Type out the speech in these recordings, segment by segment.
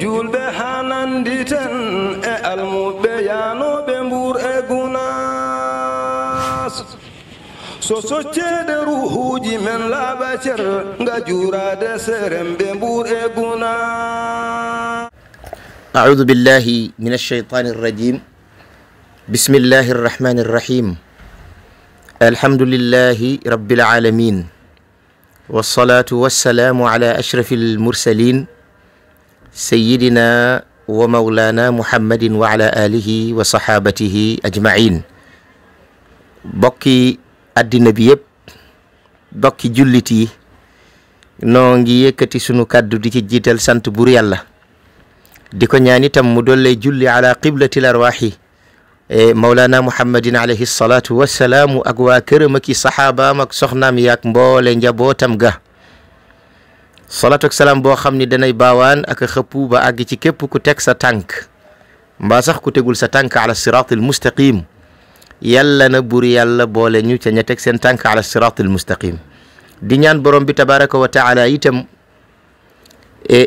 جول به هنن دیتن علم بیانو بمبور اگوناس سوسوچه دروهوی من لبشر گجورا دسرم بمبور اگوناس أعوذ بالله من الشيطان الرجيم بسم الله الرحمن الرحيم الحمد لله رب العالمين والصلاة والسلام على أشرف المرسلين sayyidina wa mawlaana muhammadin wa ala alihi wa sahabatihi ajmain bokki addina bi yëpp bokki jullit yi noo ngi yëkkati sunu kàddu di ci jiital sant buur yàlla di ko ñaan itam mu dolle julli ala qiblatil arwaaxi e mawlaana muhammadin alayhi salaatu wasalaamu ak waa këram ak i saxaabaam ak soxnaam mboole njabootam ga salaatu ak salaam boo xam ni danay baawaan ak a xëpp ba àgg ci képp ku teg sa tànk mbaa sax ku tegul sa tànk ala siraatil mustaqim yàlla na buur yàlla boole ñu ca ña teg seen tànk ala siraatil mustaqim di ñaan borom bi tabaraka wa taala itam e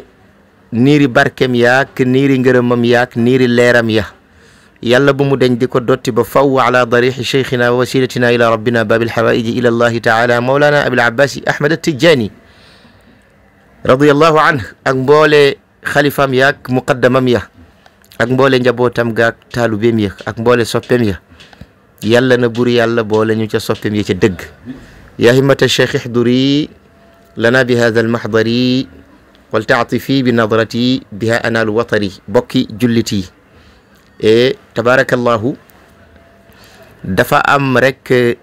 niiri barkem yaak niiri ngërëmam yaak niiri leeram ya yàlla bu mu deñ di ko dotti ba faw ala darixi cheikhina wa wasilatina ila rabbina babil xawaaiji ila allahi taala mawlana abil abbasi ahmad at tijjani رضي الله عنه اك مbole خليفام ياك مقدمام يا اك مbole نجابوتام غاك طالوبيم يا اك مbole سوبيم يا يالا نا يالا بوله نيو تي سوبيم يا تي دغ يا همت الشيخ حضري لنا بهذا المحضر ولتعطفي بنظرتي بها انا الوطري بوكي جلتي ايه تبارك الله دفا ام رك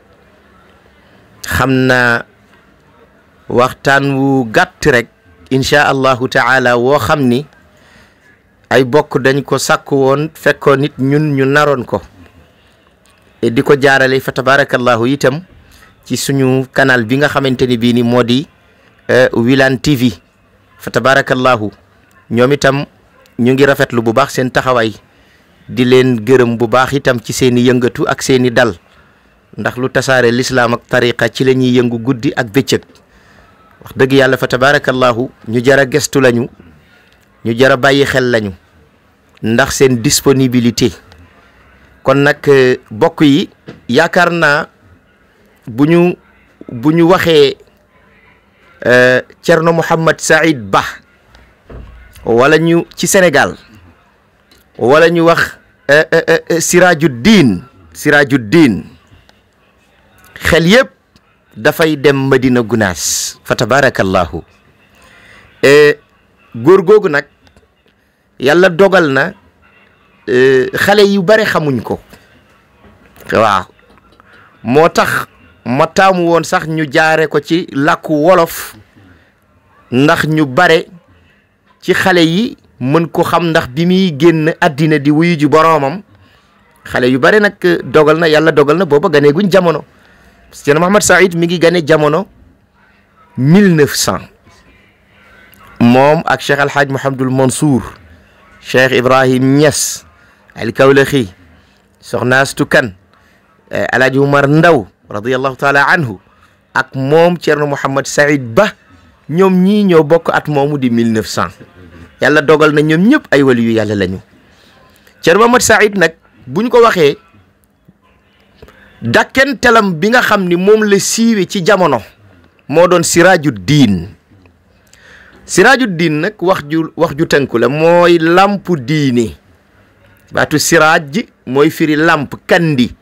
خمنا وقتان وو insha allahu taala wo xamni ay bokk dañ ko sakku won fekko nit ñun ñu naron ko e diko jaarale fa tabarakallahu itam ci suñu canal bi nga xamanteni bi ni modi euh wilan TV fa tabarakallahu ñom itam ñu ngi rafetlu bu baax seen taxaway di leen gërëm bu baax itam ci seeni yëngatu ak seeni dal ndax lu tasaare l'islam ak tariqa ci lañuy yëngu guddi ak beccëk wax dëgg yàlla fa tabaarakallaahu ñu jar a gestu lañu ñu jar a bàyyi xel lañu ndax seen disponibilité kon nag euh, bokk yi yaakaar naa bu ñu bu ñu waxee euh, Cerno Mouhamed Saïd Ba wala ñu ci senegal wala ñu wax diin euh, Sirajuddin diin xel yëpp. dafay dem Madina Gunaas fa tabaarakallaahu e, góor googu nag yàlla dogal na e, xale yu bare xamuñ ko waaw moo tax mataamu woon sax ñu jaare ko ci lakku wolof ndax ñu bare ci xale yi mën ko xam ndax bi muy génn àddina di wuyu ji boroomam xale yu bare nag dogal na yàlla dogal na booba ganeeguñ jamono Cerno Mohamed Saïd mi ngi gane jamono 1900 moom ak Cheikh Alhaaj Mouhamadul Mansour Cheikh Ibrahim Niass Alkawlaxi Soxna Astu Kan Alhaaj eh, Umar Ndaw radiallahu taala anhu ak moom Cerno Mohamed Saïd Ba ñoom ñii ñoo bokk at moomu di 1900 yàlla dogal na ñoom ñëpp ay wali yu yàlla lañu Cerno Mohamed Saïd nag buñ ko waxee Daken bi nga xam ni siwe cijamono, modon ci jamono moo doon siraaju diin siraaju diin nag wax ju wax ju tënku la mooy lamp dini batu siraaj ji firi lamp kandi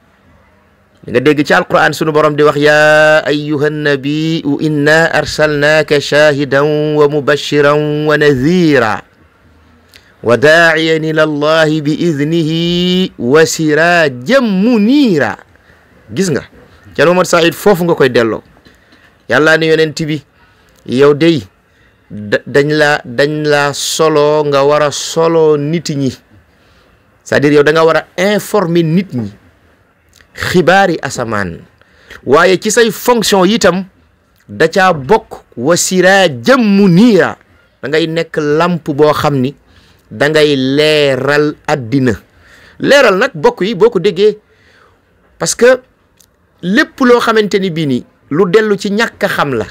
nga dégg ci alquran sunu borom di wax ya ayuha nabiu inna arsalnaka shahidan wa mubashiran wa nadhira wa daaciyan ila allahi biidnihi wa sirajan munira gis nga ceerno mamadou saïd fofu nga koy delloo yalla ni yonent bi yow dey dañ la dañ la solo nga wara solo nit ñi c'est-à-dire yow da nga wara asaman, informer nit ñi xibaari asaman waaye ci say fonction yitam da ca bokk wasiraa jëmmu niira da ngay nekk lamp boo xam ni da ngay leeral addina leeral nag bokk yi boo ko parce que lépp loo xamante ni bii nii lu dellu ci ñàkk a xam la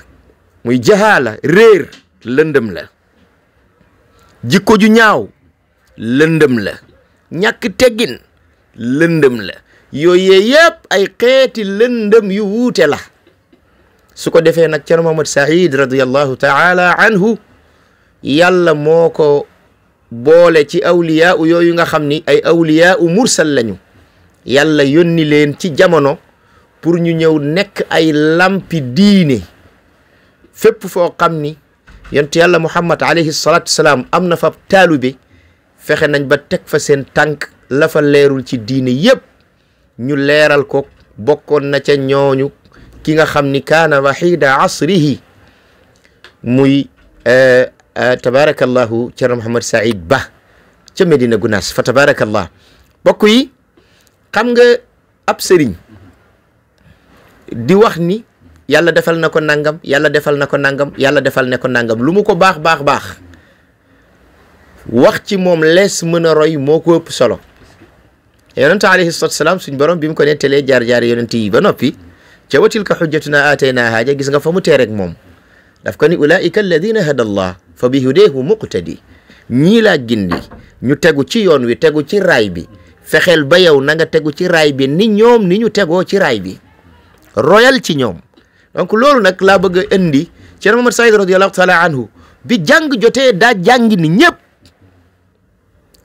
muy jahaala réer lëndëm la jikko ju ñaaw lëndëm la ñàkk teggin lëndëm la yooyee yëpp ay xeeti lëndëm yu wuute la su ko defee nag Cerno Mohamad Saïd radiallahu taala anhu yàlla moo ko boole ci awliyaa yooyu nga xam ni ay awliyaa mursal lañu yàlla yónni leen ci jamono pour ñu ñëw nekk ay lampi diine fépp foo xam ni yonent yàlla muhammad alayhi salaatu salaam am na fab fa taalibe fexe nañ ba teg fa seen tànk lafa leerul ci diine yépp ñu leeral ko bokkoon na ca ñooñu ki nga xam ni kaana waxiida asrihi muy eh, eh, tabaarakallahu cerno Mouhamed Saïd Ba ca Medina Gunaas fa tabaarakallah bokk yi xam nga ab sëriñ di wax ni yàlla defal na ko nangam yalla defal na ko nangam yàlla defal na ko nangam lu mu ko baax baax baax wax ci moom lees mën a roy moo ko solo yonent alayhi salaatu salaam suñ borom bi mu ko nettalee jaar jaar yonent yi ba noppi ca wa tilka xujjatuna na ja gis nga fa mu tee rek moom daf ko ni ulaika alladina hada allah fa bi hudeehu muqtadi ñii laa gindi ñu tegu ci yoon wi tegu ci raay bi fexeel ba yow na nga tegu ci raay bi ni ñoom ni ñu tegoo ci raay bi royal ci ñom donc lolu nak la bëgg a indi Cheikh sayyid taala anhu bi jang jotee da jang ni ñepp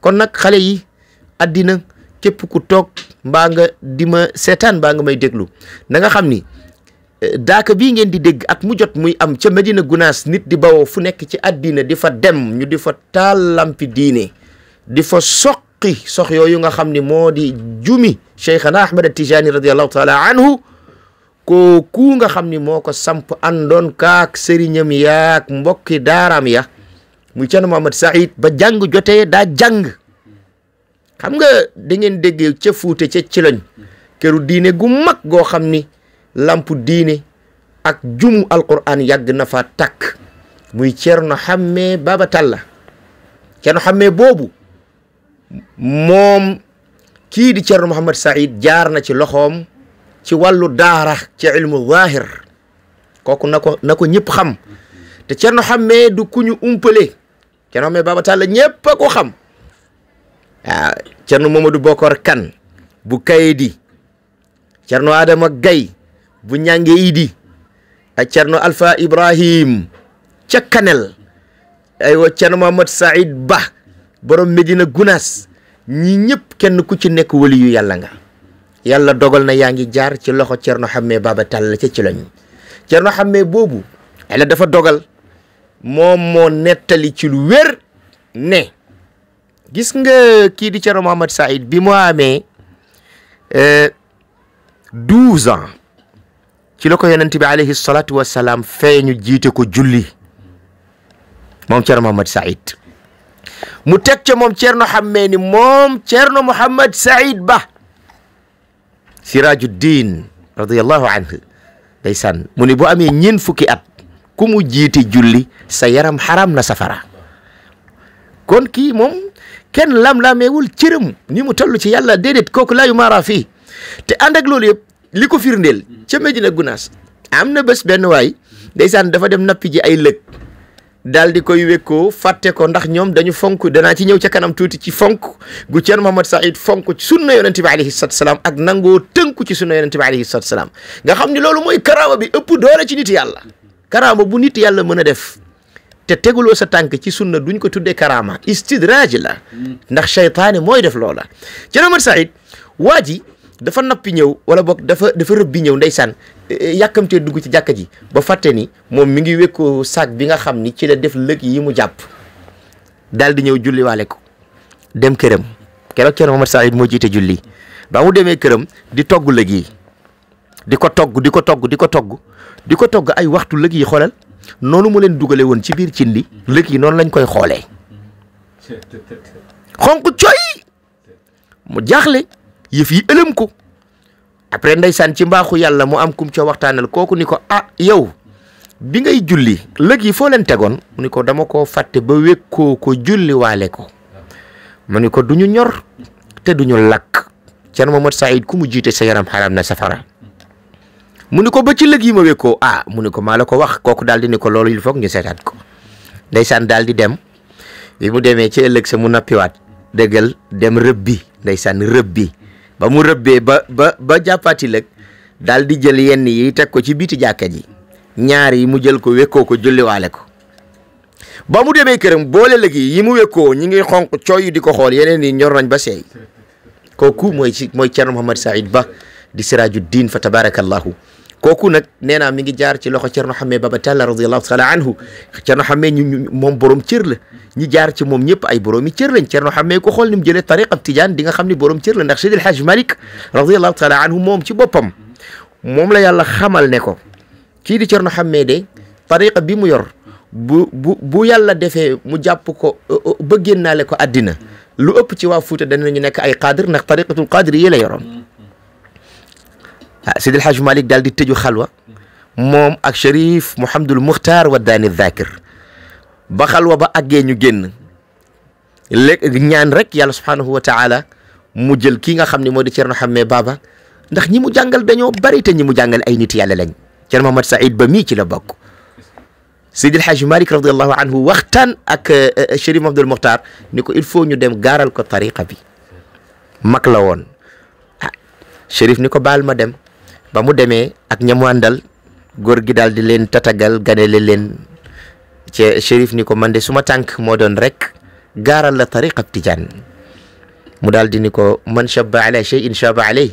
kon nak xalé yi adina képp ku tok mba nga di ma seetaan nga may déglu da nga xamni eh, daaka bi ngeen di dégg ak mu jot muy am ci Medina gunas nit di bawoo fu nekk ci adina di fa dem ñu di fa tal lampi diine di fa soqi sox nga xamni modi jumi cheikh Ahmed Tijani radiyallahu taala anhu kooku nga xam ni moo ko samp àndoon kaak sëriñam yaak mbokki daaraam ya muy Cerno Mohamed Saïd ba jàng jote daa jàng xam nga da ngeen dégg ca Fuuta ca Ciloñ këru diine gu mag goo xam ni lamp diine ak jum alquran yàgg na fa takk muy Cerno Xamme Baba Talla Cerno Xamme boobu moom kii di Cerno Mohamed said jaar na ci loxoom ci walu daara ci ilmu zahir koku nako nako ñepp xam te Thierno xamé du kuñu umpelé umpale Thierno Hammet Baba Talla ñepp a ko xam waaw Thierno Mamadou Bokor kan bu Kaydi adam ak gay bu Idi ak Alpha Ibrahim ci Kanel aywa Thierno Mohamed Saïd Ba borom Medina Gunas ñi ñepp kenn ku ci nek wali yu nga yalla dogal na yaangi ngi jaar ci loxo Cerno Xamme Baba Tall ci ci lañu Cerno Xamme bobu ala dafa dogal momo mo netali ci lu wer ne gis nga ki di Cerno Muhammad Said bi amé euh 12 ans ci tiba yonnati bi alayhi salatu wassalam feñu jité ko julli mom Cerno mohammed Saïd mu tek ci mom Cerno Xamme ni mom Cerno Muhammad Said ba siraaju diin radiallahu anhu ndeysaan mu ni bu amee ñeen fukki at ku mu jiiti julli sa yaram xaram na safara kon kii moom kenn lam-laameewul cëram ni mu toll ci yàlla déedéet kooku laayu maara fii te ànd loolu yëpp li ko firndeel ca Medina Gunaas am na bés benn waay ndeysaan dafa dem nappi ji ay lëg daal di koy wekkoo fàtte ko ndax ñoom dañu fonk danaa ci ñëw ca kanam tuuti ci fonk gu Thierno Mohamed Saïd fonk sunna yonente bi alayhi salaam ak nangoo tënku ci sunna yonente bi alayhi salatu salaam nga xam ni loolu mooy karaama bi ëpp doole ci nit yàlla karaama bu nit yàlla mën a def te teguloo sa tànk ci sunna duñ ko tuddee karaama istidraaj la mm. ndax cheytaane mooy def loola Thierno Mohamed Saïd waa dafa noppi ñëw wala boog dafa dafa rëbbi ñëw ndeysaan eh, eh, yàkkamtee dugg ci jàkka ji ba fàtte ni moom mi ngi wékku saak bi nga xam ni ci la def lëg yi mu jàpp daal di ñëw julliwaale ko dem këram keroog kenn Momar moo jiite julli ba mu demee këram di togg lëg yi di ko togg di ko togg di ko togg di ko togg ay waxtu lëg yi xoolal noonu mu leen dugale woon ci biir cin li lëg yi noonu lañ koy xoolee xonq coy mu jaaxle yëf yi ëlëm ko après ndeysaan ci mbaaxu yàlla mu am kum ca waxtaanal kooku ni ko ah yow bi ngay julli lëg yi foo leen tegoon mu ni ko dama koo fàtte ba wékkoo ko julli waale ko mu ni ko du ñu ñor te du ñu lakk Cerno Mohamed Saïd ku mu jiite sa yaram xaram na safara mu ni ko ba ci lëg yi ma wékkoo ah mu ni ko maa la ko wax kooku daal di ni ko loolu il ñu seetaat ko ndeysaan daal di dem bi mu demee ci ëllëg sa mu nappiwaat dëggal dem rëbbi ndeysaan rëbbi ba mu rëbbee ba ba ba jàppaati lëg daal di jël yenn yi teg ko ci biiti jàkka ji ñaar yi mu jël ko wekkoo ko julliwaale ko ba mu demee këram boole lëg yi yi mu wekkoo ñi ngi xonq cooy di ko xool yeneen yi ñor nañ ba seey kooku mooy ci mooy Thierno Mouhamed Saïd Ba di siraaju diin fa tabarakallahu kooku nag nee naa mi ngi jaar ci loxo Thierno Hamé Baba Talla radiyallahu taala anhu Thierno Hamé ñu moom borom cër la ñi jaar ci mom ñëpp ay boroomi cër lañ no xamé ko xol ni mu jëlee tariqa tidian di nga xamni borom cër la ndax Seydi El Hadj Malick radiallahu taala anhu mom ci bopam mom la yàlla xamal ne ko ki di no xamé de tariqa bi mu yor bu bu yàlla défé mu jàpp ko ba génnaale ko adina lu ëpp ci wa waa dañ danañu nek ay qadir ndax tariqatul qadir yi la yoron ah Seydi El Hadj Malick daal di tëju xalwa moom ak Cherif Mouhamadul Mukhtar wa daani ba xalwa ba àggee ñu génn léeg ñaan rek yàlla subhaanahu wa taala mu jël kii nga xam ne moo di Thierno Hamme Baba ndax ñi mu jàngal dañoo bari te ñi mu jàngal ay nit la lañ Thierno Mohamed Saïd ba mii ci la bokk Seydi El Hadji Malick radiallahu anhu waxtaan ak euh, euh, Chérif Abdoul Mokhtar ni ko il faut ñu dem gaaral ko tariqa bi mag la woon ah Chérif ni ko baal ma dem ba mu demee ak ñamu àndal góor gi daal di leen tatagal ganele leen ci Chérif ni ko man de suma tànk moo doon rek gaaral la tariqa tijaan mu daal di ni ko man shabba ala shay'in shabba alay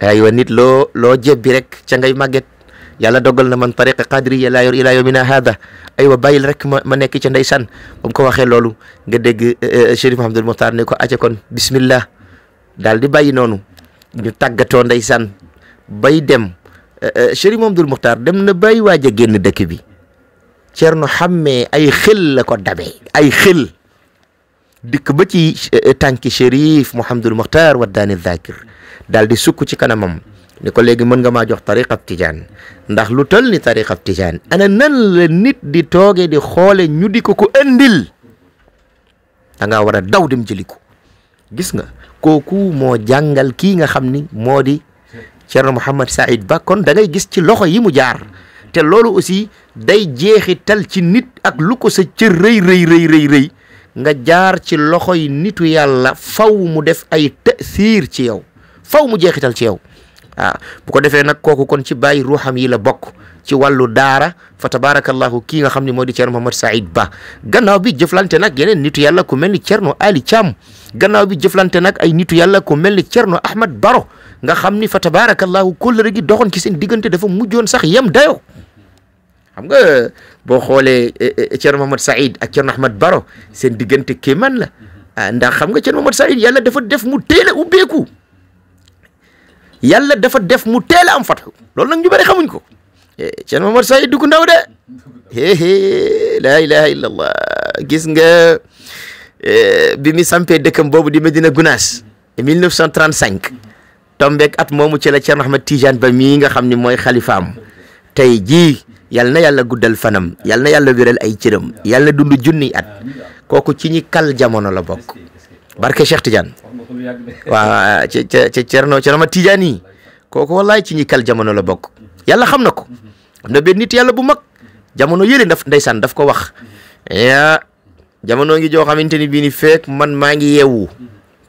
aywa nit loo loo jébbi rek ca ngay màgget yàlla dogal na man tariqa qadriya laa yor ilaa yawmina haada aywa bàyyil rek ma ma nekk ca ndeysaan ba ko waxee loolu nga dégg eh, eh, eh, Chérif Mahamadul Muxtaar ni ko aca kon bismillah daal di bàyyi noonu ñu tàggatoo san bay dem Chérif Mahamadul Muxtaar dem na bàyyi waaj a génn dëkk bi cerno xamé ay xel la ko ay xel dik ba ci tànki sherif Mouhamadul Mokhtar Wadani Zakir daldi di ci kanamam ni ko léegi mën nga ma jox tariqab tijaan ndax lu tol ni tariqab tijaan ana nan le nit di toge di xolé ñu di ko ko andil da nga wara daw dem jeliko gis nga koku mo jàngal ki nga xamni modi cerno mohammed Saïd bakon da ngay gis ci loxo yi mu jaar te loolu aussi day jeexital ci nit ak lu ko sa cër rëy rëy rëy rëy rëy nga jaar ci loxoy nitu yàlla faw mu def ay tasiir ci yow faw mu jeexital ci yow waaw ah, bu ko defee nag kooku kon ci bàyyi ruuxam yi la bokk ci wàllu daara fa tabaarakallahu kii nga xam ne moo di Thierno Mohamed Saïd Ba gannaaw bi jëflante nag yeneen nitu yàlla ku mel ni Thierno Ali Thiam gannaaw bi jëflante nag ay nitu yàlla ku mel ni Thierno Ahmad Baro nga xam ni fa tabaarakallahu kóllëre gi doxon ci seen diggante dafa mujjoon sax yem dayo E, e, e, xam nga bo xolé cheikh mohammed Saïd ak cheikh Ahmed Baro seen diggante keman la ndax xam nga cheikh mohammed Saïd yalla dafa def mu teel a ubbeeku yàlla dafa def mu teel am fatu lool nak ñu bari xamuñ ko cheikh mohammed Saïd dugg ndaw de he la ilaha illa allah gis nga bi mi sampé dekkam bobu di Medina Gunaas 1935 Tombek at momu ci la cheikh Ahmed Tidiane ba mi nga xamni moy khalifam tay ji Yalna na guddal fanam yalna na wiral ay cëram yal dundu junni at koku ci ñi kal jamono la bok barke Cheikh Tidiane wa ci ca Cerno Cerno Tidiane koku wallahi ci ñi kal jamono la bok yalla xamnako na ko nit yalla bu mag jamono yele ndaf ndaysan daf ko wax ya jamono ngi jo xamanteni bi ni fek man ma ngi yewu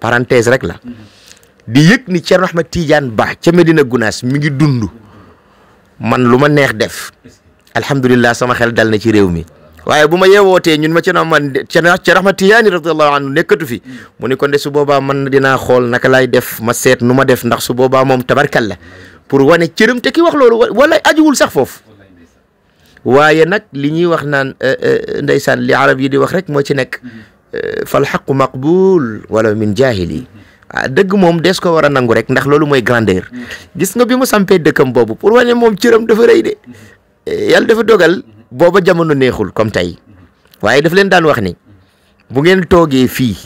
parenthèse rek la di yek ni cheikh Ahmed Tidiane Ba ci Medina Gunaas mi ngi dundu man luma neex def alhamdulilah sama xel dal na ci réew mi waaye bu ma ñun ma ci na man ci na ci rahmatu yani radiyallahu anhu nekatu fi mu ni ko ndé su boba man dina xol naka lay def ma set numa def ndax su boba mom tabarkal la pour wane cërëm te ki wax lolu wala ajuwul sax foofu waye nak li ñi wax naan ndaysan li arab yi di wax rek mo ci nek fal haqq maqbul wala min jahili deug mom des ko wara a nangu rek ndax lolu moy grandeur gis nga bi mu sampee dëkkam boobu pour wane moom cëram dafa reey de yàlla dafa dogal booba jamono neexul comme tey waaye daf leen daan wax ni bu ngeen toogee fii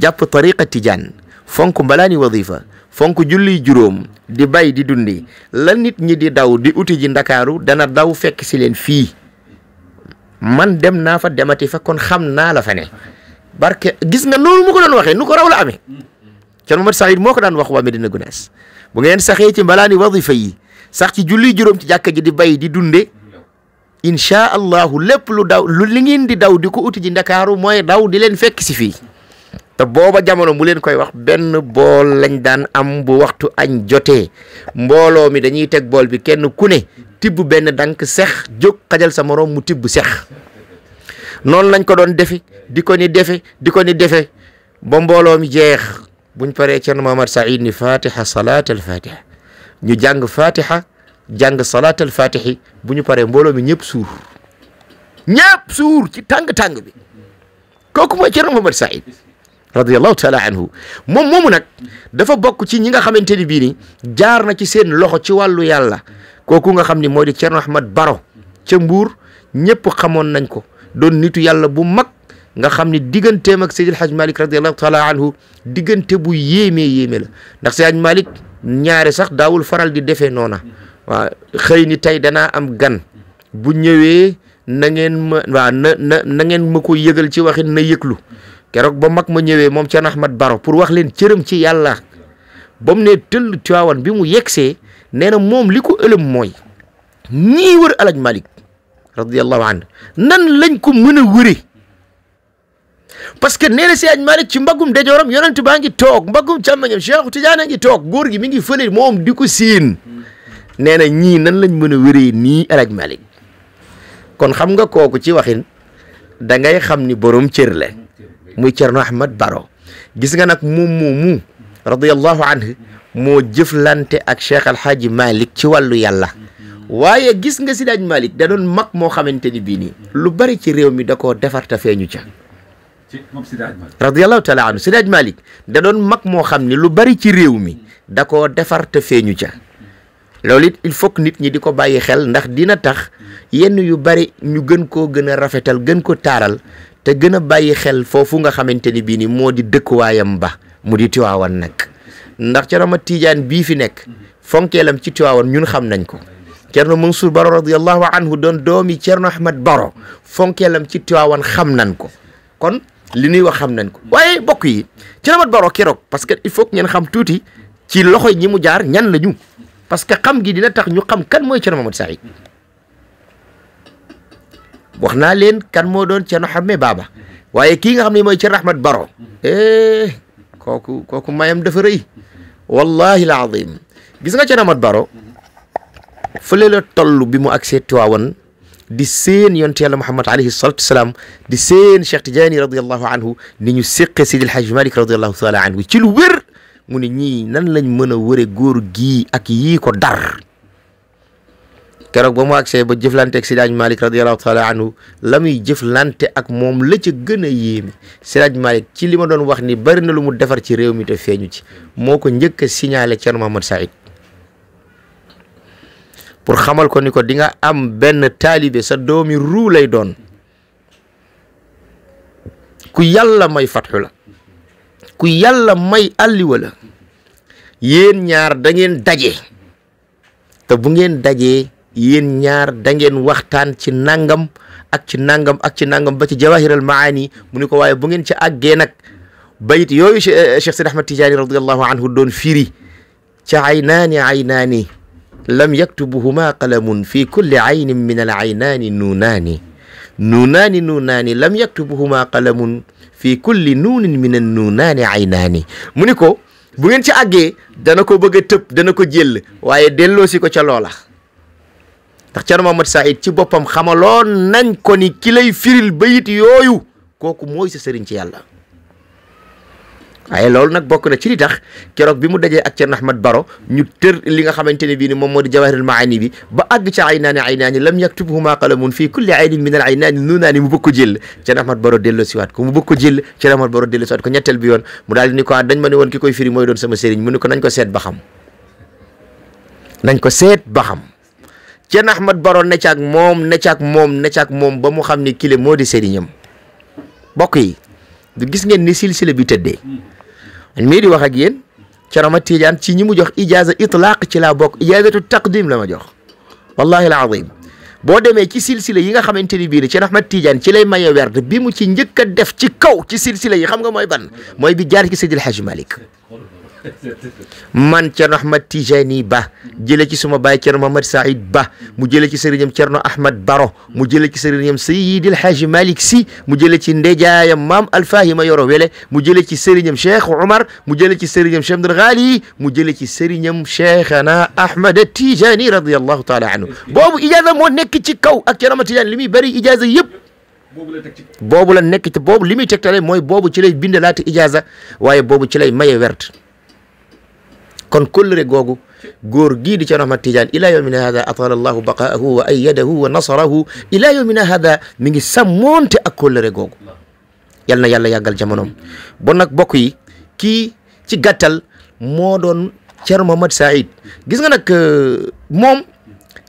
jàpp tariqa tijaan fonk mbalaani wadifa fonk julli juróom di bay di dundi lan nit ñi di daw di uti ji ndakaaru dana daw fekk si leen fii man dem naa fa demati fa kon xam naa la fa ne barke gis nga noonu mu ko doon waxee nu ko raw la amee Thierno Mohamed Saïd moo ko daan wax waa Medina Gounass bu ngeen saxee ci mbalaani wadifa yi sax ci julli juróom ci jàkka ji di bay di dunde insha allahu lepp lu daw lu li ngeen di daw di ko uti ji ndakaaru mooy daw di leen fekk si fii te booba jamono mu leen koy wax benn bool lañ daan am bu waxtu añ jotee mbooloo mi dañuy teg bool bi kenn ku ne tibb benn dank sex jóg xajal sa morom mu tibb sex noonu lañ ko doon defi di ko ni defe di ko ni defe ba mbooloo mi jeex buñ paree cerno mamad saïd ni fatiha salat al fatiha ñu jàng fatiha jàng salaatal fatihi bu ñu paree mbooloo mi ñëpp suur ñëpp suur ci tàng-tàng bi kooku mooy Ceerno Mohamed Saïd radiallahu taala anhu moom moomu nag dafa bokk ci ñi nga xamante ni bii ni jaar na ci seen loxo ci wàllu yàlla kooku nga xam ni moo di Ceerno Ahmad Baro ca Mbuur ñëpp xamoon nañ ko doon nitu yàlla bu mag nga xam ni digganteem ak Seydil Haj Malik radiallahu taala anhu diggante bu yéemee yéeme la ndax Seydil Haj Malik ñaare sax daawul faral di defee noona waaw xëy ni tey danaa am gan bu ñëwee na ngeen ma waaw na na na ngeen ma ko yëgal ci waxin na yëglu keroog ba mag ma ñëwee moom Thierno Ahmed Baro pour wax leen cëram ci yàlla ba mu ne tëll Tiwaawan bi mu yegsee nee na moom li ko ëlëm mooy ñii wër Alaj Malik radiyallahu anhu nan lañ ko mën a wëre parce que nene si aj malik ci joram ndeyjooram yonent bangi tok mbagum chamagne Cheikh Tidiane ngi tok gor gi mi ngi fële mom di sin nene ñi nan lañ mëna wéré ni alak malik kon xam nga koku ci waxin da ngay xam ni borom cieur le muy Cerno Ahmad Baro gis nga nag moom moomu radiyallahu anhu moo jëflante ak Cheikh Malik ci yalla, yalla waye gis nga si Malik da mak mo xamanteni bi ni lu bari ci rew mi da ko defar ta feñu ca radiallahu taala anhu Sidi Hadj da doon mag moo xam ne lu bari ci réew mi da koo defar te feeñu ca loolu it il faut nit ñi di ko bàyyi xel ndax dina tax yenn yu bari ñu gën koo gën a rafetal gën ko taaral te gën a bàyyi xel foofu nga xamante ni bii ni moo di dëkkuwaayam ba mu di Tiwaawan nag ndax Cerno ma Tiijaan bii fi nekk fonkeelam ci Tiwaawan ñun xam nañ ko Cerno Mansour Baro radiallahu anhu doon doomi Cerno Ahmad Baro fonkeelam ci Tiwaawan xam nañ ko li ñuy wax xam nañ ko waaye bokk yi ci la mat baro keroog parce que il faut que ngeen xam tuuti ci loxo yi ñi mu jaar ñan la ñu parce que xam gi dina tax ñu xam kan mooy Thierno Mamadou Saïd wax naa leen kan moo doon Thierno Hammet baaba waaye kii nga xam ne mooy Thierno Ahmed Baro eh kooku kooku mayam dafa rëy wallahi la azim gis nga Thierno Ahmed Baro fële la toll bi mu accès Tiwaawan di seen yonent yàlla Muhammad alayhi salatu salaam di seen Cheikh Tidiane radiallahu anhu ni ñu séqe Sidil Hajj Malik radiallahu taala anhu ci lu wér mu ne ñii nan lañ mën a wëre góor gii ak yii ko dar keroog ba mu agsee ba jëflante ak Sidaaji Malik radiallahu taala anhu la muy jëflante ak moom la ca gën a yéeme Sidaaji Malik ci li ma doon wax ni bari na lu mu defar ci réew mi te feeñu ci moo ko njëkk a signalé Thierno Mohamed Saïd pour xamal ko niko di nga am ben talibé sa domi ruu lay doon ku yalla may fathu la ku yalla may àlliwa wala yeen ñaar da ngeen dajé te bu ngeen dajé yeen ñaar da ngeen waxtaan ci nangam ak ci nangam ak ci nangam ba ci jawahiral maani mu niko waye bu ngeen ci àggee nak bayit yoyu cheikh sid ahmed tijani radiyallahu anhu don firi ca ainani lam yaktubuhuma qalamun fi kulli aynin min al aynaani nuunaani nuunaani nuunaani lam yaktubuhuma qalamun fi kulli nuunin min an nuunaani aynaani mu ni ko bu ngeen ci àggee dana ko bëgg a tëb dana ko jël waaye delloosi ko ca loola ndax Thierno Mohamed Saïd ci boppam xamaloon nan ko ni ki lay firil bayit yooyu kooku mooy sa sëriñ ci yàlla waaye loolu nag bokk na ci li tax keroog bi mu dajee ak Thierno Ahmed Baro ñu tër nga xamante ne bii ni moom moo di jawahirul maani bi ba àgg ca aynaani aynaani lam yaktubhuma qalamun fii kulli aynin min al aynaani nuunaani mu bëgg ko jël Thierno Ahmed Baro delloo siwaat ko mu bëgg ko jël Thierno Ahmed Baro delloo siwaat ko ñetteel bi yoon mu daal ni ko ah, dañ ma ne woon ki koy firi mooy doon sama sëriñ mu ni ko nañ ko seet ba xam nañ ko seet ba xam Thierno ak moom necc ak moom necc ak moom ba mu xam ni kile moo di sëriñam bokk yi gis ngeen ni silsila bi tëddee ميري واخ اك يين تي راما تيجان تي نيمو جوخ اجازه اطلاق تي لا بوك اجازه التقديم لما جوخ والله العظيم بو ديمي تي سلسله ييغا خامتيني بي ني تي احمد تيجان تي لاي مايي ورد بيمو تي نيكا ديف تي كاو تي سلسله يي خمغا موي بان موي بي سيد الحاج مالك man Cerno Ahmad Tijani Ba jële ci suma baye Cerno mamad Saïd Ba mu jële ci sëriñam Cerno Ahmad Baro mu jële ci sëriñam Seydil Haaji Malik Si mu jële ci ndejaayam al fahima Yoro Wele mu jële ci sëriñam Cheikh Omar mu jële ci sëriñam Cheikh Abdul Ghali mu jële ci sëriñam Cheikhana Ahmad Tijani radiyallahu taala anhu bobu ijaza mo nek ci kaw ak Cerno Tijani limi bari bëri yeb bobu la nekk ci bobu limi muy tegtale mooy boobu ci lay bindalat ijaza waye bobu ci lay maye verte kon kóllëre googu góor gii di Cerno Ahmad Tijaan ila yawmina hada atala allahu baqaahu wa ayyadahu wa nasarahu ila yawmina hada mi ngi sàmmoonte ak kóllëre googu yal na yàlla yàggal jamonoom bon nag bokk yi kii ci gàttal moo doon Cerno Mamad Saïd gis nga nag euh, moom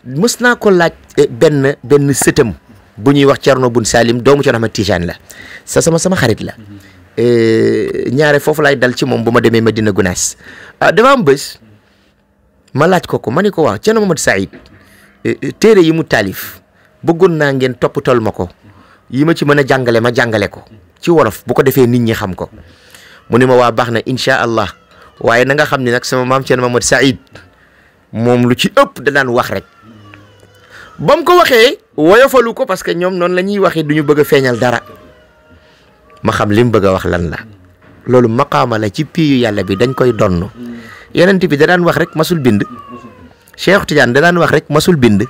mës naa ko laaj eh, benn benn sëtam bu ñuy wax Cerno Bun Salim doomu Cerno ma Tijaan la sa sama sama xarit la Eh, ñaare foofu laay dal ci moom bu ma demee ma dina ah dama am bés ma laaj ko ko ma ne ko waaw Thierno Mamadou Saïd eh, eh, téere yi mu taalif bëggoon naa ngeen toppatoo ma ko yi ma ci mën a jàngale ma jàngale ko ci wolof bu ko defee nit ñi xam ko mu ne ma waa baax na incha allah waaye na nga xam ni nag sama maam Thierno Mamadou Saïd moom lu ci ëpp da daan wax rek ba mu ko waxee woyofalu ko parce que ñoom noonu la ñuy waxee du ñu bëgg a feeñal dara. ma xam li mu bëgg a wax lan la loolu maqaama la ci piyu yàlla bi dañ koy donn yonent bi da daan wax rek masul bind Cheikh Tidiane da daan wax rek masul bind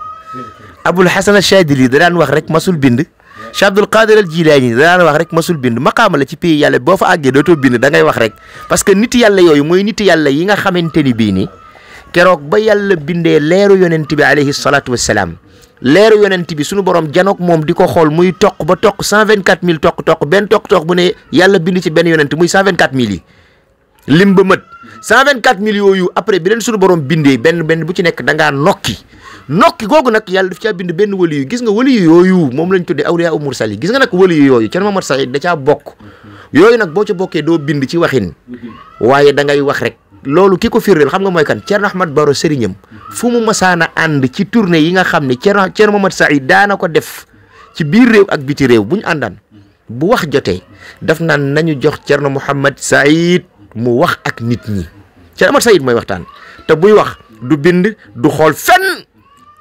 Abul Hasan Chadili da daan wax rek masul bind Cheikh Abdul Qadir al Jilani da daan wax rek masul bind maqaama la ci pii yàlla boo fa àggee dootoo bind da ngay wax rek parce que nit yàlla yooyu mooy nit yàlla yi nga xamante ni bii nii keroog ba yàlla bindee leeru yonent bi alayhi salaatu wassalaam leeru yonent bi suñu borom janoog moom di ko xool muy toq ba tok cent vingt quatre mille toq toq benn toq toq bu ne yàlla bind ci benn yonent muy cent vingt quatre mille yi lim ba mët cent vingt quatre mille yooyu après bi leen suñu borom bindee benn bu ci nekk danga ngaa nokki nokki googu nag yàlla daf caa bind benn wali yu gis nga wali yooyu moom lañ tuddee awliya u mursal yi gis nga nag wali yooyu Thierno Momar Saïd da caa bok yooyu nag boo ca bokkee doo bind ci waxin mm-hmm. waaye da ngay wax rek loolu ki ko firndeel xam nga mooy kan Thierno Ahmad Baro sëriñam mhm. fu mu masaana ànd ci tournée yi nga xam ne Thierno Thierno Mohamed Saïd daana ko def ci biir réew ak biti réew bu ñu àndaan mhm. bu wax jotee daf naan nañu jox Thierno Mohamed Saïd mu wax ak nit ñi mhm. Thierno Mohamed Saïd mooy waxtaan te buy wax du bind du xool fenn.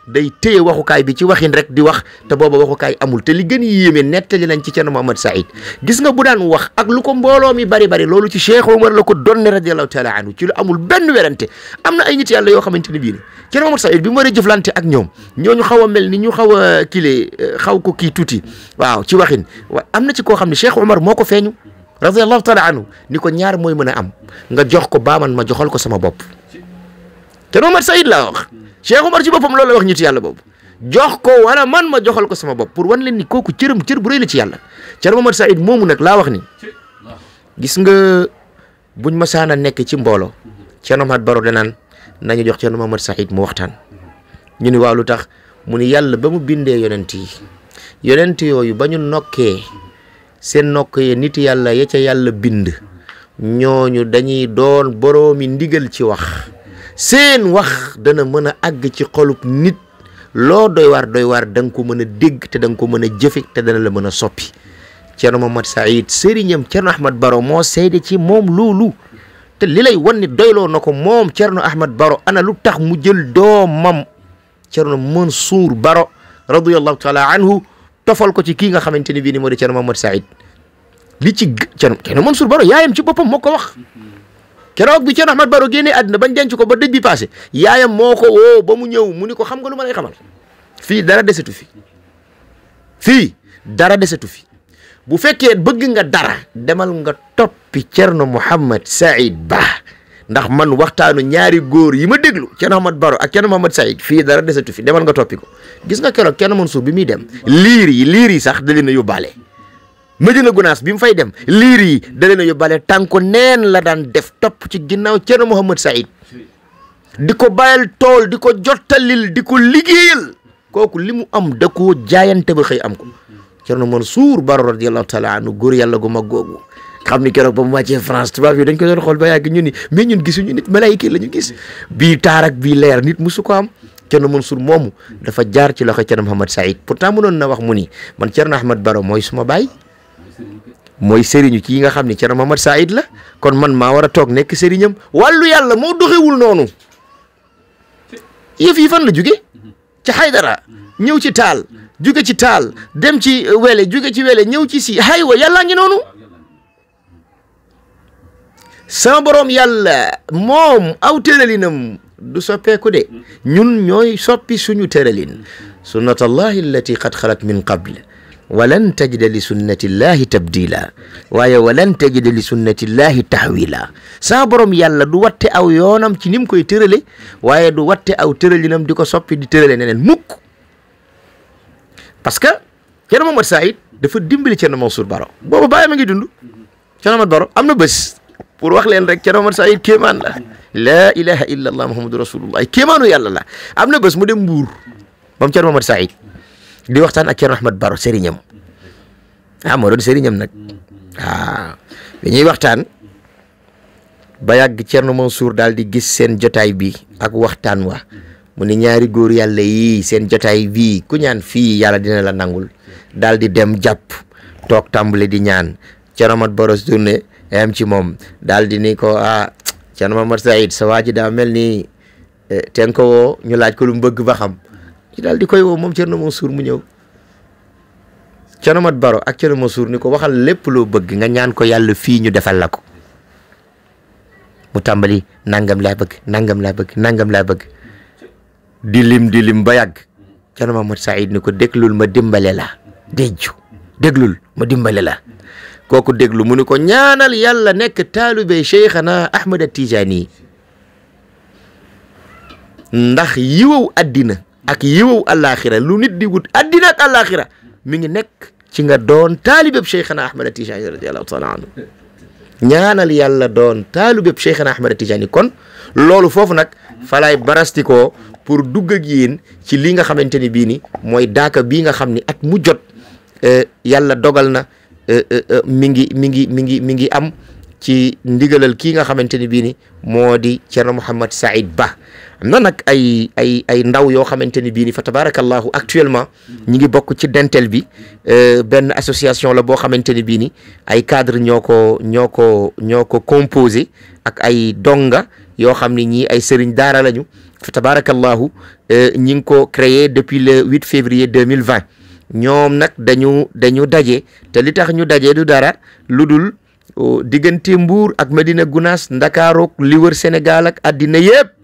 day téye waxukaay bi ci waxin rek di wax te booba waxukaay amul te li gën yéeme nettali nañ ci Cerno Mohamed Saïd gis nga bu daan wax ak luko ko mbooloo mi bari bari loolu ci Cheikh Omar la ko donne radiallahu taala anhu ci lu amul benn werante am na ay nit yàlla yoo xamante ne bii ne Cerno Mohamed bi mu war a jëflante ak ñoom ñooñu xaw a mel ni ñu xaw a kile xaw ko kii tuuti waaw ci waxin wa am na ci koo xam ne Cheikh Omar moo ko feeñu radiallahu taala anhu ni ko ñaar mooy mën a am nga jox ko baaman ma joxal ko sama bopp te Omar Saïd la wax Cheikh Omar ci bopam loolu la wax ñitt yalla yàlla jox ko wala man ma joxal ko sama bop pour wan len ni koku cërem cër bu reey la ci yalla Cheikh Omar Saïd momu nak la wax ni gis nga buñ ma saana nek ci mbolo Cheikh Omar Baro nan nañu jox Cheikh Omar Saïd mu waxtaan ñu ni waaw mu ni yalla ba mu bindé yonenti yonenti yoyu bañu nokké sen nit yalla ya ca yalla bind ñoñu dañuy doon boromi ndigal ci wax seen wax dana mën a àgg ci xolub nit loo doy waar doy waar da ko mën a dégg te da ko mën a jëfe te dana la mën a soppi Cerno Mamad Saïd sëriñam Cerno Ahmad Baro moo seede ci moom loolu te li lay wan ni doyloo na ko moom Cerno Ahmad Baro ana lu tax mu jël doo doomam Cerno Mansour Baro radiyallahu taala anhu tofal ko ci kii nga xamante ni bii ni moo di Cerno Mamad Saïd li ci Cerno Mansour Baro yaayam ci boppam moo ko wax keroog bi ci Ahmad Baro génnee àddina bañ denc ko ba dëj bi passé yaayam moko wo ba mu ñew mu ni ko xam nga lu ma lay xamal Fi dara desetu fi Fi dara desetu fi bu fekkee bëgg nga dara demal nga topi Cerno Mouhamed Saïd Ba ndax man waxtaanu ñaari góor yi ma déglu Cerno Ahmad Baro ak Cerno Mouhamed Saïd fii dara desetu fi demal nga topi ko gis nga keroog kenn Liri bi muy dem liir yi liir yi sax dalina Médina Gounass bi mu fay dem liir yi da leen a yóbbaale tànku neen la daan def topp ci ginnaaw Thierno Mohamed Saïd di ko bàyyil tool di ko jottalil di ko liggéeyal kooku li mu am da koo jaayante ba xëy am ko Thierno Mansour Baro radiyallahu taala anhu góor gu mag googu xam ni keroog ba mu wàccee France tubaab yi dañ ko doon xool ba yàgg ñu ni mais ñun gisuñu nit malaayika la ñu gis bii taar ak bii leer nit musu ko am Thierno Mansour moomu dafa jaar ci loxo Thierno Mohamed Saïd pourtant mënoon na wax mu ni man Thierno Ahmed mooy suma baay mooy sëriñu ci yi nga xam ne Thierno Mohamed Saïd la kon man maa war toog nekk sëriñam wàllu yàlla moo doxewul noonu yëf yi fan la jóge ci Haydara ñëw ci taal jóge ci taal dem ci wele jóge ci wele ñëw ci si aywa yàllaa ngi noonu sama boroom yàlla moom aw tëralinam du soppeeku de ñun ñooy soppi suñu tëralin sunnatallahi allati qad xalat min qable walan tajida li sunnatillahi tabdila waaye walan tajida li sunnatillahi tahwila saa borom yàlla du watte aw yoonam ci nim koy tërale waaye du watte aw tëralinam di ko soppi di tërale neneen mukk parce que Thierno Mohamed Saïd dafa dimbali Thierno Mansour Baro boobu bàyyi ma ngi dund Thierno Mohamed Baro am na bés pour wax leen rek ma Mohamed Saïd kéemaan la laa ilaha illa allah muhammadu rasulullah kéemaanu yàlla la am na bés mu dem mbuur moom Thierno Mohamed Saïd di waxtaan ak Thierno Ahmed Baro sëriñam ah moo doon sëriñam nag waaw ah, bi ñuy waxtaan ba yàgg Thierno Mansour daal di gis seen jotaay bi ak waxtaan wa mu ne ñaari góor yàlla yii seen jotaay bii ku ñaan fii yàlla dina la nangul daal di dem jàpp toog tàmbale di ñaan Thierno Ahmed Baro tourné am ci moom daal di ni ko ah Thierno Mamadou Saïd sa waa ji daa mel ni. Eh, te ko ñu laaj ko bëgg ba xam ci dal di koy wo moom Thierno Mansour mu ñëw Thierno Mat Baro ak cerno Mansour ni ko waxal lepp lo bëgg nga ñaan ko yalla lebag, ñu defal la ko mu tambali nangam la bëgg nangam la bëgg nangam la bëgg di lim di lim ba yag cerno mamad Saïd ni ko deglul ma dimbalé la dejju deglul ma dimbalé la koku deglu mu ni ko ñaanal yalla nek talibé Cheikhana ahmed Tijani ndax adina ak yiwu àllaaxira lu nit di wut addina ak àllaaxira mi ngi nekk ci nga doon taalibeb Cheikhana Ahmada Tijani radiallahu taala anhu ñaanal yàlla doon taalibeb Cheikhana Ahmada Tijani kon loolu foofu nag falaay barastikoo pour dugg ak yéen ci li nga xamante ni bii ni mooy daaka bii nga xam ni ak mu jot eh, yàlla dogal na eh, eh, mi ngi mi ngi mi ngi mi ngi am ci ndigalal kii nga xamante ni bii ni moo di Cerno Mouhamed Saïd Ba am nag ay ay ay ndaw yoo xamante ni bii ni fa tabarakallahu actuellement ñi ngi bokk ci dentel bi euh, benn association la boo xamante ni bii ni ay cadre ñoo ko ñoo ko ñoo ko composé ak ay donga yoo xam ne ñii ay sëriñ daara lañu fa tabarakallahu euh, ñi ngi ko créé depuis le 8 février 2020 ñoom nag dañu dañu daje te li tax ñu daje du dara lu dul euh, diggante Mbuur ak Medina Gunaas Ndakaarook li wër Sénégal ak àddina yëpp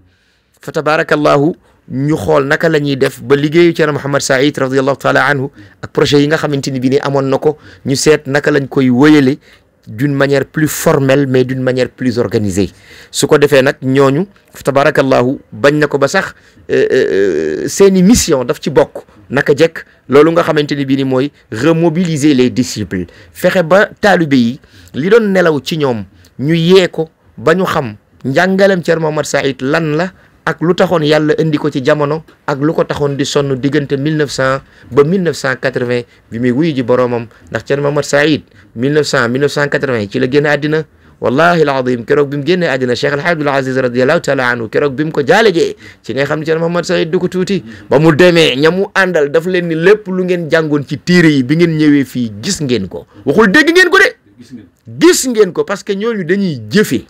فتبارك الله ñu xol naka lañuy def ba liggéeyu ci muhammad Saïd radiallahu taala anhu ak projet yi nga xamanteni bi ni amon nako ñu seet naka lañ koy wëyele d'une manière plus formelle mais d'une manière plus organisée su ko defee nag ñooñu fa tabarakallahu bañ na ko ba sax seeni mission daf ci bokk naka jekk loolu nga xamanteni bi ni mooy remobiliser les disciples fexe ba taalibe yi li doon nelaw ci ñoom ñu yee ko ba ñu xam njàngalem Ceerno Mouhamed Saïd lan la ak lu taxoon yàlla indi ko ci jamono ak lu taxoon di sonn diggante 1900 ba bi muy wuyu ji boroomam ndax Thierno Mohamed Saïd 1900 ci la génn àddina wallahi alazim keroog bi mu génnee àddina Cheikh Aziz radiallahu taala anhu keroog bi mu ko jaalejee ci ngay xam ne Thierno Mohamed Saïd du ko tuuti ba mu demee ñamu àndal ni ci téere yi bi ngeen ñëwee fii gis ngeen ko waxul dégg ngeen ko de gis ngeen ko parce que ñooñu dañuy jëfee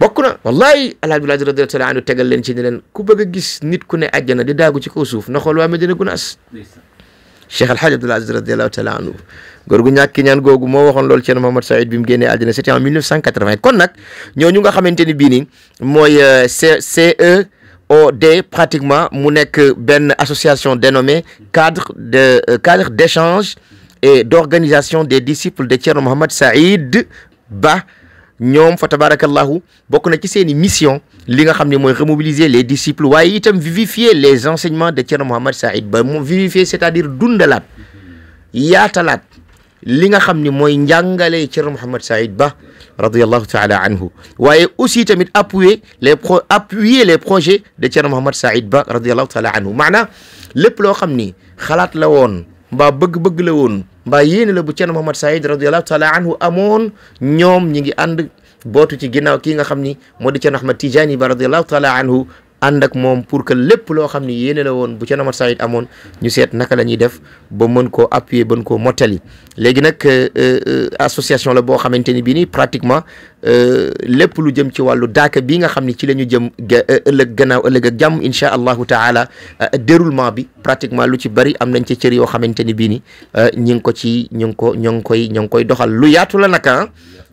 bokk na wallahi alhaaj bilaaji radiyallahu taala anhu tegal leen ci ne leen ku bëgg gis nit ku ne àjjana di daagu ci kaw suuf na xool waa Medina Gunaas cheikh alhaaj abdul aziz radiallahu taala anhu góor gu ñàkki ñaan googu moo waxoon lool Thierno Mohamed Saïd bi mu génnee àddina c'était en 1980 kon nag ñooñu nga xamante ni bii ni mooy euh, CEOD pratiquement mu nekk benn association dénommée cadre de euh, change e et d'organisation des disciples de Thierno Mohamed Saïd Ba ñom fa tabarakallah bokk na ci seen mission li nga xamni moy remobiliser les disciples waye itam vivifier les enseignements de Thierno Mohamed Saïd Ba moom vivifier c'est-à-dire dundalaat yaatalaat li nga xamni moy njangalé Thierno Mohamed Saïd Ba radiallahu taala anhu waye aussi tamit appuyer les pro appuyer les projets de Thierno Mohamed Saïd Ba radiallahu taala anhu maanaam lepp lo xamni xalat la won ba bëgg-bëgg la won mbaa yéene la bu Cerno Muhammad Saïd radiallahu taala anhu amoon ñoom ñi ngi ànd bootu ci ginnaaw kii nga xam ni moo di Cerno Ahmad Tijaani ba radiallahu taala anhu ànd ak moom pour que lépp loo xam ni yéene la woon bu ca namat saa it amoon ñu seet naka la ñuy def ba mën koo appuyer bën koo mottali léegi nag euh, euh, association la boo xamante ni bii nii pratiquement euh, lépp lu jëm ci wàllu daaka bii nga xam ni ci la ñu jëm ëllëg gannaaw ëllëg ak jàmm incha allahu taala déroulement bi pratiquement lu ci bari am nañ ci cër yoo xamante ni bii nii ñu ngi ko ci ñu ngi ko ñoo ngi koy ñoo ngi koy doxal lu yaatu la nag ah.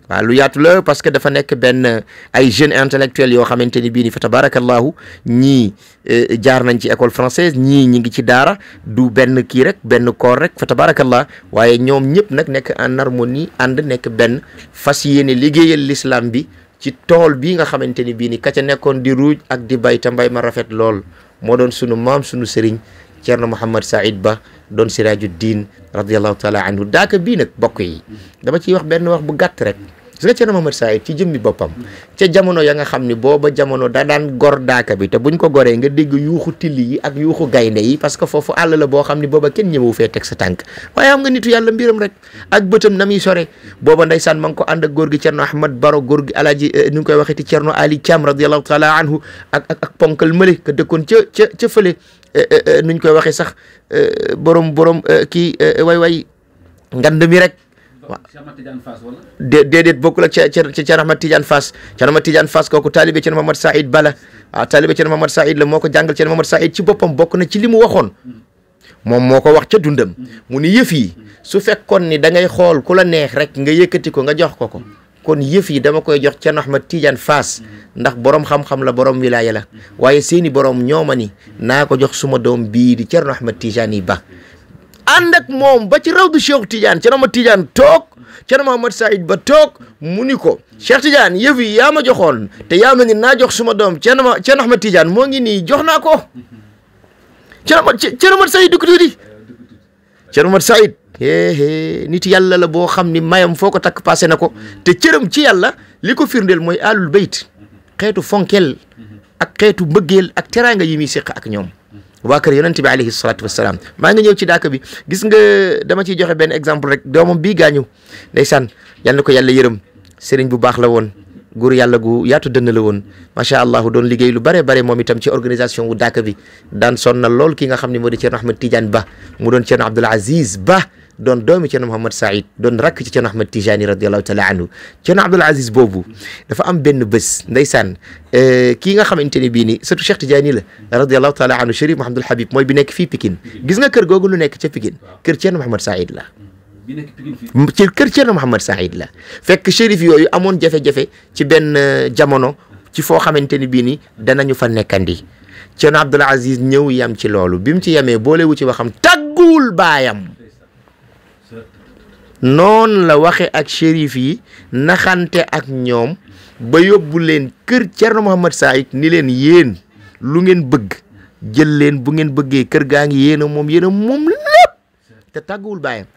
waaw lu yaatu la parce que dafa nekk benn ay jeunes intellectuels yoo xamante ni bii ni fa tabarakallahu ñii eh, jaar nañ ci école française ñii ñi ngi ci daara du benn kii rek benn koor rek fa tabarakallah waaye ñoom ñëpp nag nekk en harmonie ànd nekk benn fas yéene liggéeyal l'islam bi ci tool bii nga xamante ni bii ni ka ca nekkoon di ruuj ak di bay te ma rafet lool moo doon sunu maam sunu sëriñ Thierno Mouhamed Saïd Ba Don Sirajuddin, diin radiallahu taala anhu dak bi nak bokk yi dama ci wax ben wax bu gatt rek gis nga nama mar saay ci jëmmi bopam ci jamono ya nga xamni ni jamono da dan gor dak bi te buñ ko goré nga dégg yuuxu tilli yi ak yuuxu gaynde yi parce que fofu àll la bo xamni ni booba kenn ñëwu fe tek sa tank waaye am nga nitu yalla mbiram rek ak bëtam na sore booba ndeysaan ma ngi ko and ak gor gi cerno Ahmad Baro gor gi alaji ñu eh, koy waxe ci cerno Ali cham radiyallahu taala anhu ak ak ak ponkal mële ka dëkkoon ci Eh, eh, eh, nuñ koy waxee sax borom borom kii way way ngand mi rek. waaw dé déedéet bokkul ak ca ca Cheikh Ahmad Tidiane Fass Cheikh Ahmad Tidiane Fass kooku taalibe Cheikh Mahamad Saïd Bala waaw ah, taalibe Cheikh Mahamad Saïd la moo ko jàngal Cheikh Mahamad Saïd ci boppam bokk na ci li mu waxoon moom moo ko wax ca dundam mu ni yëf yi su fekkoon ni da ngay xool ku la neex rek nga yëkkati ko nga jox ko ko. kon yëf yi dama koy jox Cerno Ahmad Tidiane Faas ndax borom xam-xam la borom wilaya la waye seeni borom ñoma ni nako jox suma dom bi di Cerno Ahmad Tidiane yi ba ànd ak moom ba ci rawdu Cheikh Tidiane Cerno Ahmad Tidiane toog Cerno mohammed said ba tok muniko Cheikh Tidiane yëf yi yama ma te yama ngi na jox suma Tidiane ngi ni jox nit yàlla la boo xam ni mayam foo ko takk passé na ko te cëram ci yàlla li ko firndeel mooy alul bayt xeetu fonkeel ak xeetu mbëggeel ak teraanga yi muy séq ak ñoom waa kër yonente bi alayhi salatu wasalaam maa ngi ñëw ci daaka bi gis nga dama ciy joxe benn exemple rek doomam bii gaañu ndeysaan yal na ko yàlla yërëm sëriñ bu baax la woon góor yàlla gu yaatu dënn la woon macha allah doon liggéey lu bare bare moom itam ci organisation wu daaka bi daan sonnal lool ki nga xam ne moo di Ceerno Ahmed Tidiane Ba mu doon Ba doon doomi Cerno Mouhamed Saïd doon rakk ci Cerno Ahmed Tijani radiallahu taala anhu Cerno Abdul Aziz boobu dafa am benn bés ndeysaan kii nga xamante ni bii ni surtout Cheikh Tijani la radiallahu taala anhu Chérif Mouhamadul Habib mooy bi nekk fii Pikine gis nga kër googu lu nekk ca Pikine kër Cerno Mouhamed Saïd la ci kër Cerno Mouhamed Saïd la fekk chérif yooyu amoon jafe-jafe ci benn jamono ci foo xamante ni bii ni danañu fa nekkandi Cerno Abdul Aziz ñëw yam ci loolu bi mu ci yamee boolewu ci waxam tàgguwul baayam noon la waxe ak shérif yi naxante ak ñoom ba yóbbu leen kër Thierno Mohamed Saïd ni leen yéen lu ngeen bëgg jël leen bu ngeen bëggee kër gaa ngi yéen a moom yéen moom lépp te tàgguwul bàyyam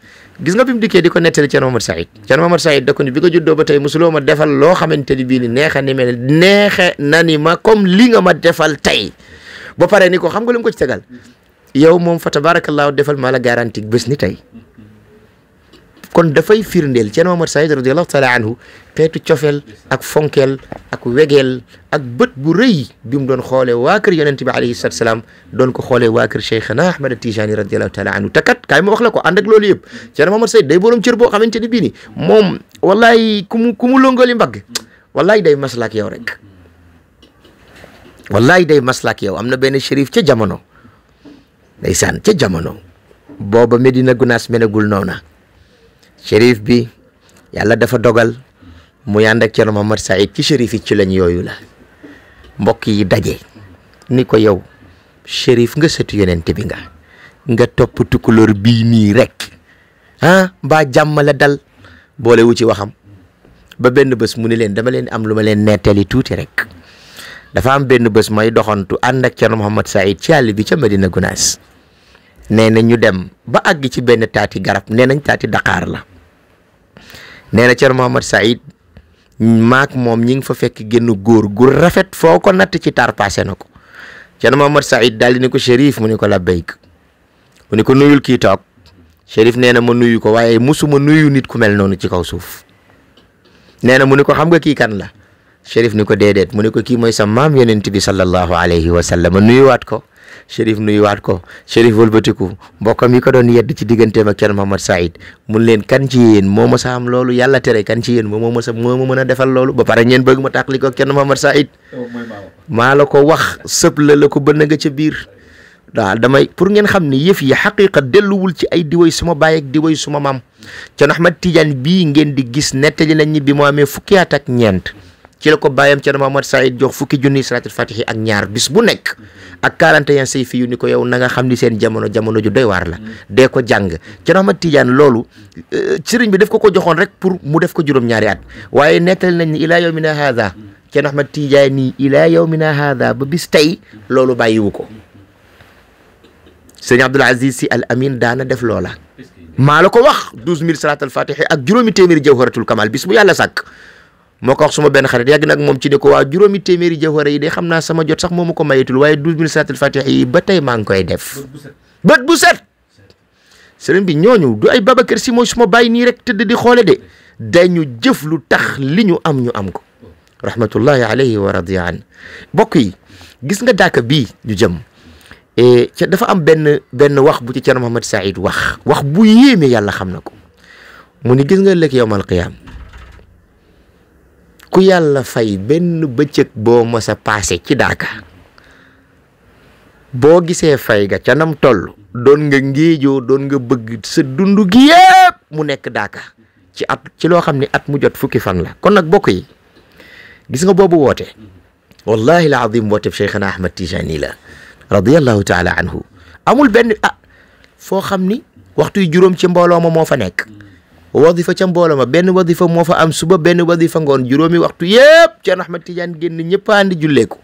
gis nga bi mu dikkee di ko nettali Thierno Mohamed Saïd Thierno Mohamed Saïd da ko ni bi nga juddoo ba tey mosuloo ma defal loo xamante ni bii ni neexa ni mel neexe na ni ma comme li nga ma defal tey ba pare ni ko xam nga lu ko ci tegal yow moom fa tabaarakallaahu defal maa la garantie bés ni tey kon dafay firndeel Ceerno Omar Saïd radiallahu taala anhu xeetu cofeel ak fonkeel ak wegeel ak bët bu rëy bi mu doon xoolee waa kër yonente bi alayhi salatu salaam doon ko xoolee waa kër Cheikhna Ahmad Tijani radiallahu taala anhu te kat kaay ma wax la ko ànd ak loolu yëpp Ceerno Omar Saïd day borom cër boo xamante ni bii ni moom wallaay ku mu ku mu longooli mbagg wallaay day maslaak yow rek wallaay day maslaak yow am na benn shérif ca jamono ndeysaan ca jamono booba Medina Gunaas menegul noona shérif bi yàlla dafa dogal mu ànd ak Thierno Mohamed ci shérif yi ci lañu yooyu la mbokk yi daje ni ko yow shérif nga sëtu yonent bi nga nga topp tukulóor bii nii rek ah mbaa jàmm dal boole wu ci waxam ba benn bés mu ni leen dama leen am lu ma leen nettali tuuti rek dafa am benn bés may doxantu ànd ak Thierno Mohamed Saïd ci àll bi ca Medina Gunaas nee na ñu dem ba àgg ci benn taati garab nee nañ taati Dakar la nee na Thierno Mohamed Saïd maak moom ñi ngi fa fekk génn góor gur rafet foo ko natt ci taar passé na ko Thierno Mohamed Saïd daal di ne ko Chérif mu ne ko labbayk mu ne ko nuyul kii toog Chérif nee na ma nuyu ko waaye ma nuyu nit ku mel noonu ci kaw suuf nee na mu ne ko xam nga kii kan la Sherif niko dedet, mu niko ki moy sa mam yonent sallallahu alayhi wa sallam wat ko nuyu wat ko Sherif wëlbatiku mbokkam yi ko don yedd ci digganteem ak Thierno mohammed said mun len kan ci yeen moo sa am lolou yalla tere kan ci yeen moo mo sa moo meuna defal lolou ba pare ñen bëgg ma tàqli ko ak Said. Mohamed oh, la ko wax sepp la la ko bënn nga ci bir waaw damay pour ngeen xamni yef yi xaqiqa delluwul ci ay diway suma baye ak diway suma mam ci Ahmed Tidiane bi ngeen di gis netali nañ ni bi mo amé fukki ak ci la ko bàyyam Cerno Mamad Saïd jox fukki junni salaatul fatihi ak ñaar bis bu nekk ak 41 say fi yu ni ko yow na xam ni seen jamono jamono ju doy waar la dee ko jàng Cerno Mamad Tidiane loolu euh, sëriñ bi def ko ko joxoon rek pour mu def ko juróom-ñaari at waaye nettali nañ ni ilaa yawmina haada Cerno Mamad Tidiane nii ilaa yawmina haada ba bis tey loolu bàyyiwu ko sëriñ Abdoul Aziz Sy Al Amin daana def loola maa la ko wax 12000 salaatul fatihi ak juróomi téeméeri jawharatul kamal bis bu yàlla sàkk moo ko wax suma benn xarit yàgg nag moom ci ne ko waa juróomi téeméeri jawhara yi de xam naa sama jot sax moo ma ko mayetul waaye douze mille salatul fatiha yi ba tey maa ngi koy def ba bu set sëriñ bi ñooñu du ay Babacar Si mooy suma bàyyi nii rek tëdd di xoole de dañu jëf lu tax li ñu am ñu am ko rahmatullahi alayhi wa radiya an bokk yi gis nga daaka bii ñu jëm e, ca dafa am benn benn wax bu ci Thierno Mohamed Saïd wax wax bu yéeme yàlla xam na ko mu ni gis nga lëkk yowmal qiyaam ku yàlla fay benn bëccëg boo mës a passé ci daaka boo gisee fay ga ca nam toll doon nga ngéejoo doon nga bëgg sa dund gi yëpp mu nekk daaka ci at ci loo xam ne at mu jot fukki fan la kon nag bokk yi gis nga boobu woote wallahi la azim woote Cheikhana Ahmad Tijani la radiallahu taala anhu amul benn ah foo xam ni waxtu yu juróom ci mbooloo ma moo fa nekk wadifa ca mbooloo ma benn wadifa moo fa am suba benn wadifa ngoon juróomi waxtu yépp Cheikh Ahmed Tidiane génn ñëpp ànd julleeku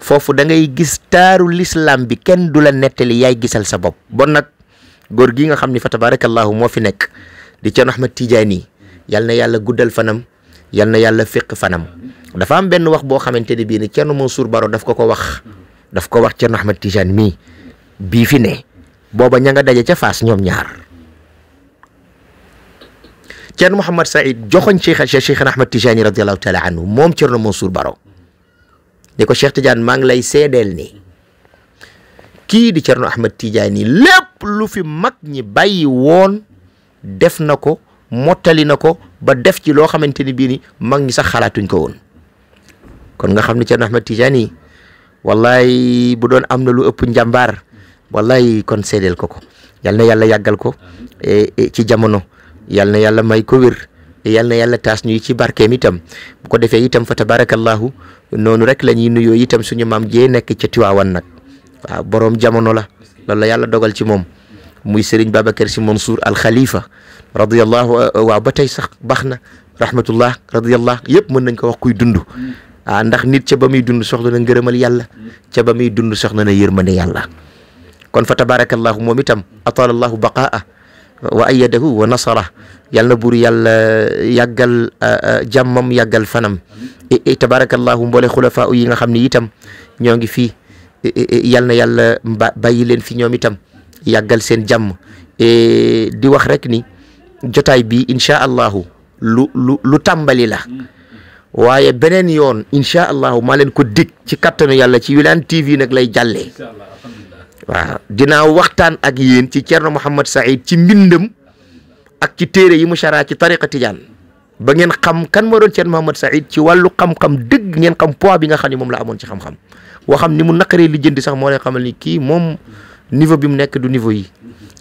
foofu da ngay gis taaru l'islam bi kenn du la nettali yaay gisal sa bopp bon nag góor gi nga xam ni fa tabarakallahu moo fi nekk di Cheikh Ahmed Tidiane yi yal na guddal fanam yal na yàlla fiq fanam dafa am benn wax boo xamante ne bii ni Thierno Mansour Baro daf ko ko wax daf ko wax Cheikh Ahmed Tidiane mii bii fi ne booba ña nga daje ca ñoom ñaar Ceerno Mouhamed Saïd joxoñ Cheikh Cheikhna Ahmad Tijani radiallahu taala anhu moom Ceerno Mansour Baro ni ko Cheikh Tidiane maa ngi lay seedeel ni kii di Ceerno Ahmad Tijani lépp lu mag ñi bàyyi woon def na ko mottali na ko ba def ci loo xamante ni bii mag ñi sax xalaatuñ ko woon kon nga xam ne Ceerno Ahmad Tijani wallahi bu doon am na lu ëpp njàmbaar wallahi kon seedeel ko ko yal na yàlla yàggal ko e, e, ci jamono yal na yàlla may ko wér yal na yàlla taas ñuy ci barkeem tam bu ko defee itam fa tabarakallahu noonu rek la ñuy nuyoo itam suñu maam jee nekk ca Tiwaawan nag waaw boroom jamono la loolu la yàlla dogal ci moom muy Serigne Babacar Sy Mansour al Khalifa radiyallahu euh, waaw ba tey sax baax na rahmatullah radiyallah yëpp mën nañ ko wax kuy dund ah ndax nit ca ba muy dund soxla na ngërëmal yàlla ca ba muy dund soxla na yërmande yàlla kon fa tabarakallahu moom itam wa ayyadahu wa nasarah yàlla na buur yàlla yàggal jàmmam yàggal fanam tabarakallahu mboole xulafa yi nga xam ne itam ñoo ngi fi yàlla na yàlla bàyyi leen fi ñoom itam yàggal seen jàmm e, di wax rek ni jotaay bi incha allahu lu lu lu tàmbali la waaye beneen yoon incha allahu maa leen ko ci kattanu yàlla ci Wilane TV nag lay jàllee waaw dinaa waxtaan ak yéen ci Thierno Mohamed Saïd ci mbindam ak ci téere yi mu saraa ci tariqa tijaan ba ngeen xam kan moo doon Thierno Mohamed Saïd ci wàllu xam-xam dëgg ngeen xam poids bi nga xam ne moom la amoon ci xam-xam waxam ni mu naqaree li jënd sax moo lay xamal ni kii moom niveau bi mu nekk du niveau yi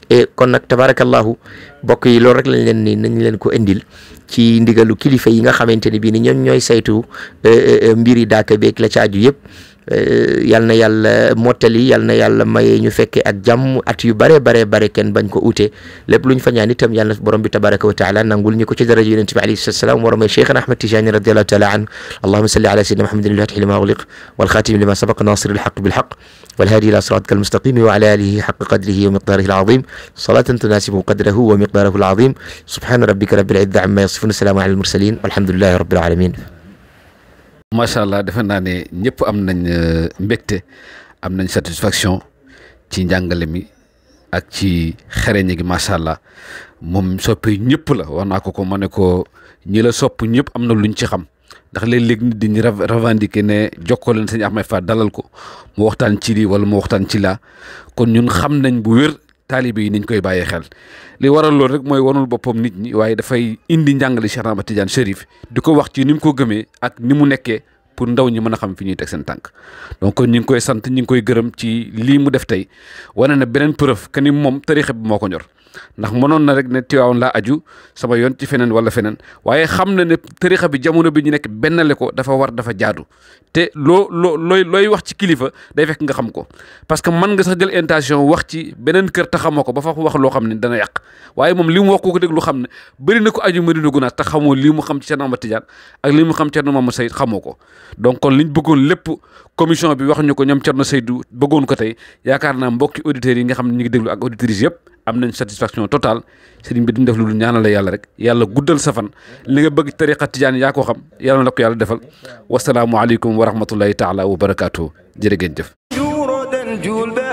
et kon nag tabarakallahu bokk yi loolu rek lañ leen ni nañ leen ko indil ci ndigalu kilifa yi nga xamante ne bii ni ñoom ñooy saytu euh, euh, euh, mbiri daaka beeg la caaju yëpp yalna yàlla mottali yalna yàlla maye ñu fekke ak jàmm at yu bare bare bare ken bañ ko outé lépp lu ñu fa ñaan itam yalna borom bi tabaraka wa taala nangul ñu ko ci daraja yonent bi ali salaam wa rahmatulah sheikh ahmed Tijani radiyallahu taala an allahumma salli ala sayyidina muhammadin al-fatihi lima ughliq wal khatimi lima sabaq nasir al-haq bil haq wal hadi ila siratika al-mustaqim wa ala alihi haqq qadrihi wa miqdarihi al-azim salatan tunasibu qadrahu wa miqdarahu al-azim subhana rabbika rabbil izzati amma yasifun salamun ala al-mursalin walhamdulillahi rabbil alamin macha allah defe naa ne ñëpp am nañ euh, mbégte am nañ satisfaction ci njàngale mi ak ci xereñ gi macha allah moom soppi ñëpp la wax naa ko ko ma ne ko ñi la sopp ñëpp am na luñ ci xam ndax léeg-léeg nit di ñu revendiquer ne jokkoo leen sëñ Ahmed dalal ko mu waxtaan ci wala mu waxtaan ci laa kon ñun xam nañ bu wér. taalibe yi niñ koy bàyyee xel li waral loolu rek mooy wanul boppam nit ñi waaye dafay indi njàngale Cheikh Ahmad Tidiane di ko wax ci ni mu ko gëmee ak ni mu pour ndaw ñi mëna xam fi ñuy tek seen tank donc ñi ngi koy sant ñi ngi koy gërëm ci li mu def tay wone na benen preuve que ni mom tariikh bi moko ñor ndax mënon na rek ne tiwaaw la aju sama yoon ci fenen wala fenen waye xam na ne tariikh bi jamono bi ñu nek benale ko dafa war dafa jaadu te lo lo loy loy wax ci kilifa day fekk nga xam ko parce que man nga sax jël intention wax ci benen kër ta xamoko ko ba fa wax lo xamni dana yaq waye mom limu wax ko deg lu xam bari na ko aju Madina guna ta xamoo limu xam ci cheikh amadou tidiane ak limu xam ci Seex Maam Sayid ko donc kon liñ bëggoon lépp commission bi wax ñu ko ñoom Thierno Seydou bëggoon ko tey yaakaar naa mbokki auditeurs yi nga xam ne ñu ngi déglu ak auditrices yëpp am nañ satisfaction totale sëriñ bi duñ def lu ñaanal la yàlla rek yàlla guddal sa fan li nga bëgg tariqa tijaan yaa ko xam yàlla na ko yàlla defal wasalaamualeykum wa rahmatullahi taala wa barakaatu jërë ngeen jëf.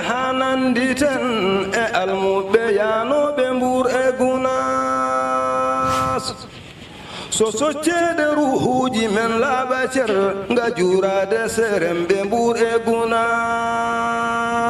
sosocceede ruhuuji men laaɓa cer nga juuraade de ɓe mbuur e guna